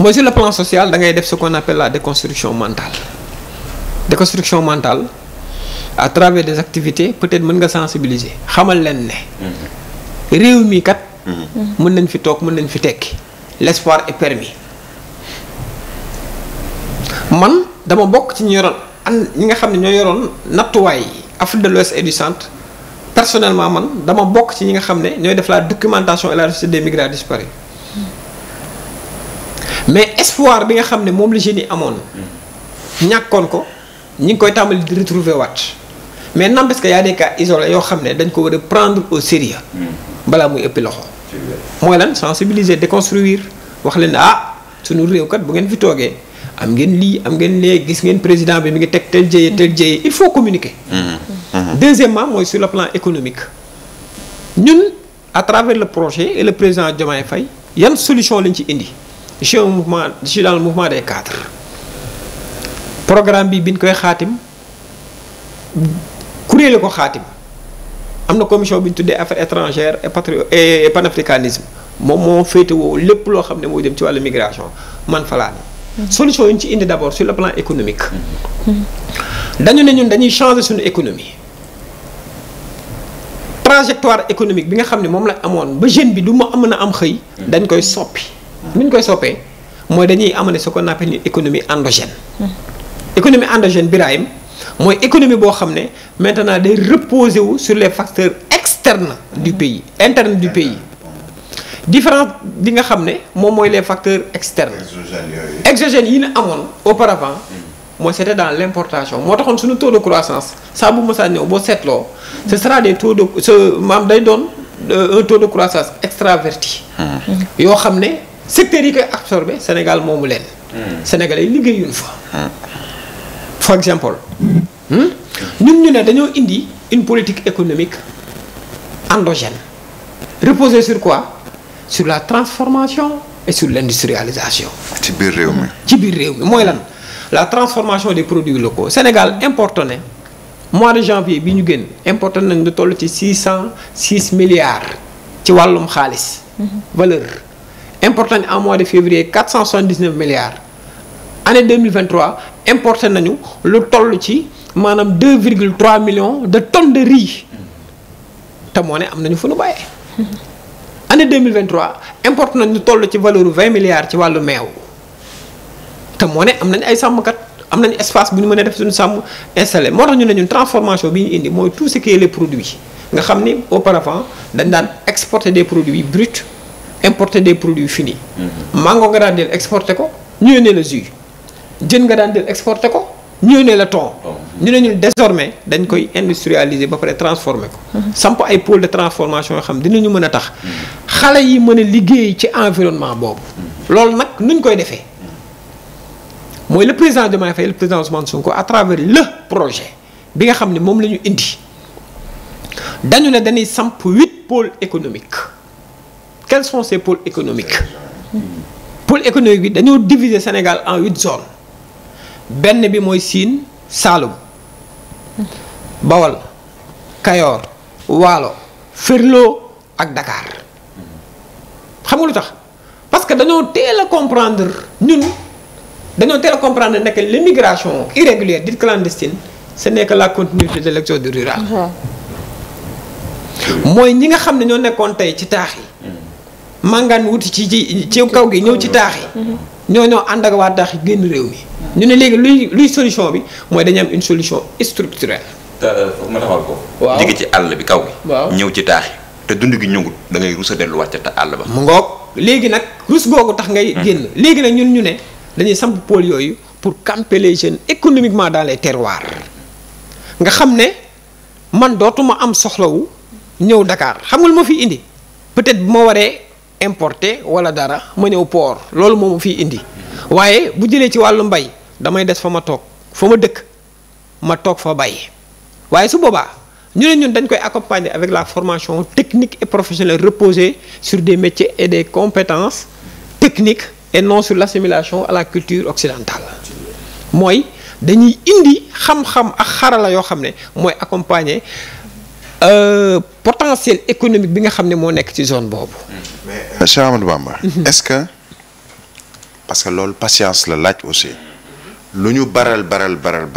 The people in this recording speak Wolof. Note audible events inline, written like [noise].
mooy sur le plan social dangay ngay def ce qu'on appelle la déconstruction mentale déconstruction mentale à travers des activités peut-être mën nga sensibiliser xamal leen ne mhm. réew mi kat mhm. mën nañ fi toog mën nañ fi tekki l'espoir est permis man dama bokk ci ñu yoroon an ñi nga xam ne ñoo yoroon nattuwaay Afrique de l'Ouest et du centre personnellement man dama bokk ci ñi nga xam ne ñooy def la documentation et la recherche des migrants mais espoir bi nga xam ne moom la jeunes yi amoon ñàkkoon ko ñu ngi koy tàmbali di retrouver waat mais n'empêche que y a des cas yoo xam ne dañ ko war a prendre au sérieux balaa muy ëpp loxo mooy lan sensibiliser déconstruire wax leen ah suñu réew kat bu ngeen fi toogee am ngeen lii am ngeen lee gis ngeen président bi mi ngi teg tel jëye tel jëye il faut communiquer deuxièmement mooy su le plan économique ñun à travers le projet et le président Diomaye Faye yan solution lañ ci indi je suis mouvement je mouvement des cadres programme bi biñ koy xaatim kuréel la ko xaatim am na commission bi ñu tuddee affaires étrangères et patrio et panafricanisme moom moo féetewoo lépp loo xam ne moo jëm ci wàll migration man falaa mm-hmm. solution yi ñu ci indi d' abord sur le plan économique mm-hmm. dañu ne ñun dañuy changer suñu économie trajectoire économique bi nga xam ne moom lañ amoon ba jeune bi du ma am a am xëy mm-hmm. dañ koy soppi nu koy soppee mooy dañuy amale ce qu'on appelle une économie endogène. économie endogène Birahim mooy économie boo xam ne maintenant day reposer wu sur les facteurs externes du pays interne du pays. différence bi nga xam ne moom mooy les facteurs externes. exogènes yi ñu amoon auparavant. mooy c'était dans l'importation moo taxoon suñu taux de croissance saa bu mos a ñëw boo seetloo. ce sera des taux de ce maam day doon euh, un taux de croissance extraverti. Hmm. yoo xam ne. secteurs yi koy absorbé Sénégal moomu leen. Hmm. Sénégalais yi liggéeyuñu fa. par hmm. exemple hmm? ñun ñu ne dañoo indi une politique économique endogène reposée sur quoi sur la transformation et sur l'industrialisation. ci biir réew mi. ci biir réew mi mooy lan la transformation des produits locaux Sénégal importé na mois de janvier bi ñu génn importé nañ lu toll ci six cent six milliards ci wàllum xaalis mm-hmm. valeur. importé nañ en mois de février 479 milliards année 2023 importé nañu lu toll ci maanaam 2 virgule 3 millions de tonnes de riz te moo ne am nañu fu nu bàyyee [laughs] année 2023 importé nañ lu toll ci valeur vingt 20 milliards ci wàllu meew te moo ne am nañ ay sàmmkat am nañ espace bu ñu mën def suñu sàmm installé moo tax ñu ne ñun transformation bi ñu indi mooy tout ce qui est les produits nga xam ni auparavant dañ daan exporter des produits bruts importer des produits finis. Mhm. mango nga daan del exporter ko ñu yónnee la jus jën nga daan del exporter ko ñu yónnee la thon. Oh. ñu ne ñun désormais dañ koy industrialiser ba pare transformer ko. Mhm. samp ay pôle de transformation yoo xam dinañu mën a tax. Mhm. xale yi mën a liggéey ci environnement boobu. loolu nag nuñ koy defee. mooy le président Diomaye Faye le président Ousmane Sonko à travers le projet bi nga xam ne moom la ñu indi dañu ne dañuy samp huit pole économiques. quels sont ces pôles économiques pôle économique bi dañoo diviser Sénégal en huit zones benn bi mooy Sine Saloum Bawol Kayoor Waalo Ferlo ak Dakar xam tax parce que dañoo teel a comprendre ñun dañoo teel a comprendre nekk l'immigration irrégulière dite clandestine ce n'est que la continuité de l'exode rural mooy ñi nga xam ne ñoo nekkoon tey ci taax yi màngaan wuti ci ci ci kaw gi ñëw ci taax yi. ñoo ñoo ànd ak waa taax génn réew mi. ñu ne léegi luy luy solution bi mooy dañu am une solution structurelle. Euh, ma taxawal ci àll bi kaw gi. waaw ñëw ci taax te dund gi ñëwul da ngay rusa delluwaat te àll ba. mu ngoog léegi nag rus boobu tax ngay hmm. génn. léegi nag ñun ñu ne dañuy samp pôle yooyu pour camper les jeunes économiquement dans les terroirs nga xam ne man dootuma am soxlawu ñëw Dakar xamul ma fi indi peut-être bu ma waree. importé wala dara ma ñëw port loolu moom fii indi waaye bu jëlee ci wàllu mbay damay des fa ma toog fa ma dëkk ma toog fa bay waaye su boobaa ñu ne ñun dañ koy accompagner avec la formation technique et professionnelle reposée sur des métiers et des compétences techniques et non sur l'assimilation à la culture occidentale mooy dañuy indi xam-xam ak xarala yoo xam ne mooy accompagner. Euh, potentiel économique bi nga xam ne moo nekk ci zone boobu. mais euh, Cheikh Amadou Bamba. Mhm. est-ce que parce que loolu patience la laaj aussi. lu ñu baral baral baral baral.